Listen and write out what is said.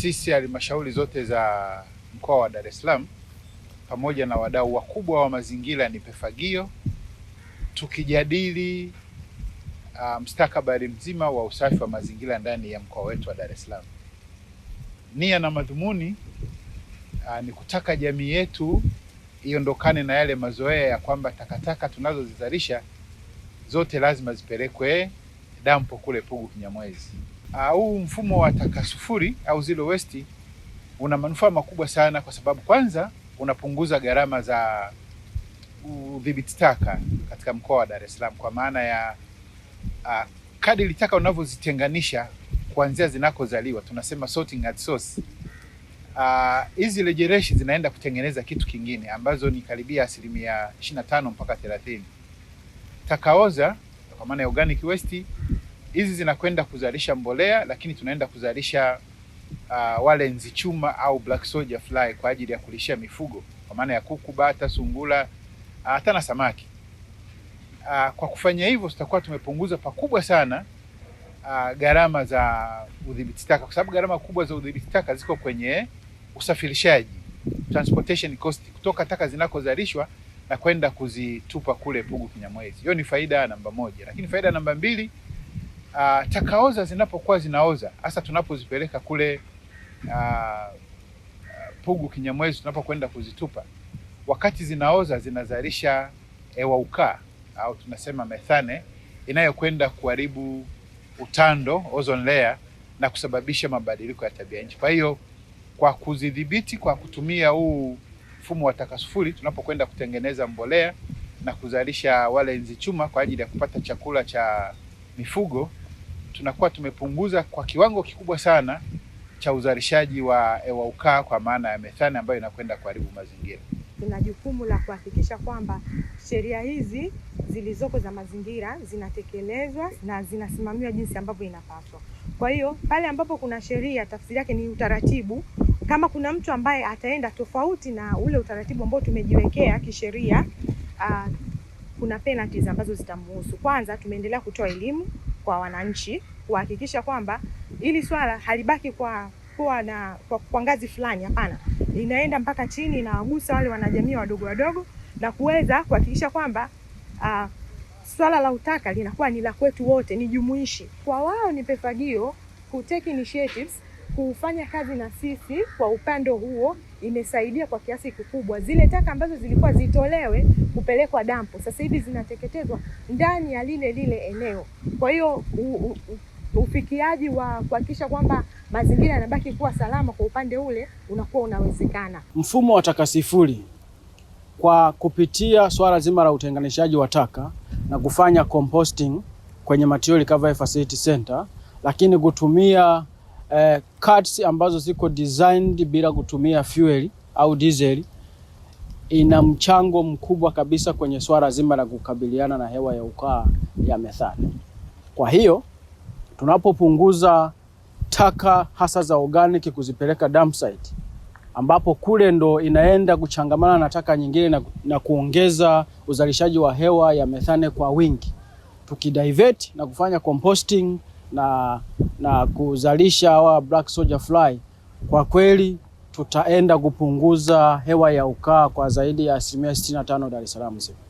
Sisi halmashauri zote za mkoa wa Dar es Salaam pamoja na wadau wakubwa wa mazingira ni Pefagio, tukijadili uh, mstakabali mzima wa usafi wa mazingira ndani ya mkoa wetu wa Dar es Salaam. Nia na madhumuni uh, ni kutaka jamii yetu iondokane na yale mazoea ya kwamba takataka tunazozizalisha zote lazima zipelekwe dampo kule Pugu Kinyamwezi. Ah, huu mfumo wa taka sufuri au zero waste una manufaa makubwa sana, kwa sababu kwanza unapunguza gharama za udhibiti taka katika mkoa wa Dar es Salaam, kwa maana ya uh, kadiri taka unavyozitenganisha kuanzia zinakozaliwa, tunasema sorting at source. Ah, hizi uh, rejereshi zinaenda kutengeneza kitu kingine ambazo ni karibia asilimia 25 mpaka 30 takaoza, kwa maana ya organic waste hizi zinakwenda kuzalisha mbolea, lakini tunaenda kuzalisha uh, wale nzichuma au black soldier fly kwa ajili ya kulishia mifugo kwa maana ya kuku, bata, sungula uh, hata uh, na samaki uh, kwa kufanya hivyo tutakuwa tumepunguza pakubwa sana uh, gharama za udhibiti taka, kwa sababu gharama kubwa za udhibiti taka ziko kwenye usafirishaji transportation cost, kutoka taka zinakozalishwa na kwenda kuzitupa kule Pugu Kinyamwezi. Hiyo ni faida namba moja, lakini faida namba mbili uh, ah, takaoza zinapokuwa zinaoza hasa tunapozipeleka kule uh, Pugu Kinyamwezi, tunapokwenda kuzitupa, wakati zinaoza zinazalisha hewa ukaa au tunasema methane inayokwenda kuharibu utando ozone layer na kusababisha mabadiliko ya tabia nchi. Kwa hiyo kwa kuzidhibiti kwa kutumia huu mfumo wa taka sufuri, tunapokwenda kutengeneza mbolea na kuzalisha wale nzi chuma kwa ajili ya kupata chakula cha mifugo, tunakuwa tumepunguza kwa kiwango kikubwa sana cha uzalishaji wa, hewa eh, ukaa kwa maana ya methane ambayo inakwenda kuharibu mazingira. Tuna jukumu la kuhakikisha kwamba sheria hizi zilizoko za mazingira zinatekelezwa na zinasimamiwa jinsi ambavyo inapaswa. Kwa hiyo pale ambapo kuna sheria, tafsiri yake ni utaratibu. Kama kuna mtu ambaye ataenda tofauti na ule utaratibu ambao tumejiwekea kisheria, uh, kuna penalties ambazo zitamhusu Kwanza tumeendelea kutoa elimu kwa wananchi kuhakikisha kwamba hili swala halibaki kwa kuwa na kwa, kwa ngazi fulani. Hapana, inaenda mpaka chini, inawagusa wale wanajamii wadogo wadogo na kuweza kuhakikisha kwamba uh, swala la utaka linakuwa ni la kwetu wote, ni jumuishi. Kwa wao ni PEFAGIO, ku take initiatives kufanya kazi na sisi kwa upande huo imesaidia kwa kiasi kikubwa. Zile taka ambazo zilikuwa zitolewe kupelekwa dampo, sasa hivi zinateketezwa ndani ya lile lile eneo. Kwa hiyo ufikiaji wa kuhakikisha kwamba mazingira yanabaki kuwa salama kwa upande ule unakuwa unawezekana. Mfumo wa taka sifuri kwa kupitia swala zima la utenganishaji wa taka na kufanya composting kwenye material recovery facility center, lakini kutumia eh, cars ambazo ziko designed bila kutumia fuel au diesel ina mchango mkubwa kabisa kwenye swala zima la kukabiliana na hewa ya ukaa ya methane. Kwa hiyo tunapopunguza taka hasa za organic kuzipeleka dump site, ambapo kule ndo inaenda kuchangamana na taka nyingine na, na kuongeza uzalishaji wa hewa ya methane kwa wingi, tukidivert na kufanya composting na, na kuzalisha hawa black soldier fly, kwa kweli tutaenda kupunguza hewa ya ukaa kwa zaidi ya asilimia 65 Dar es Salaam zima.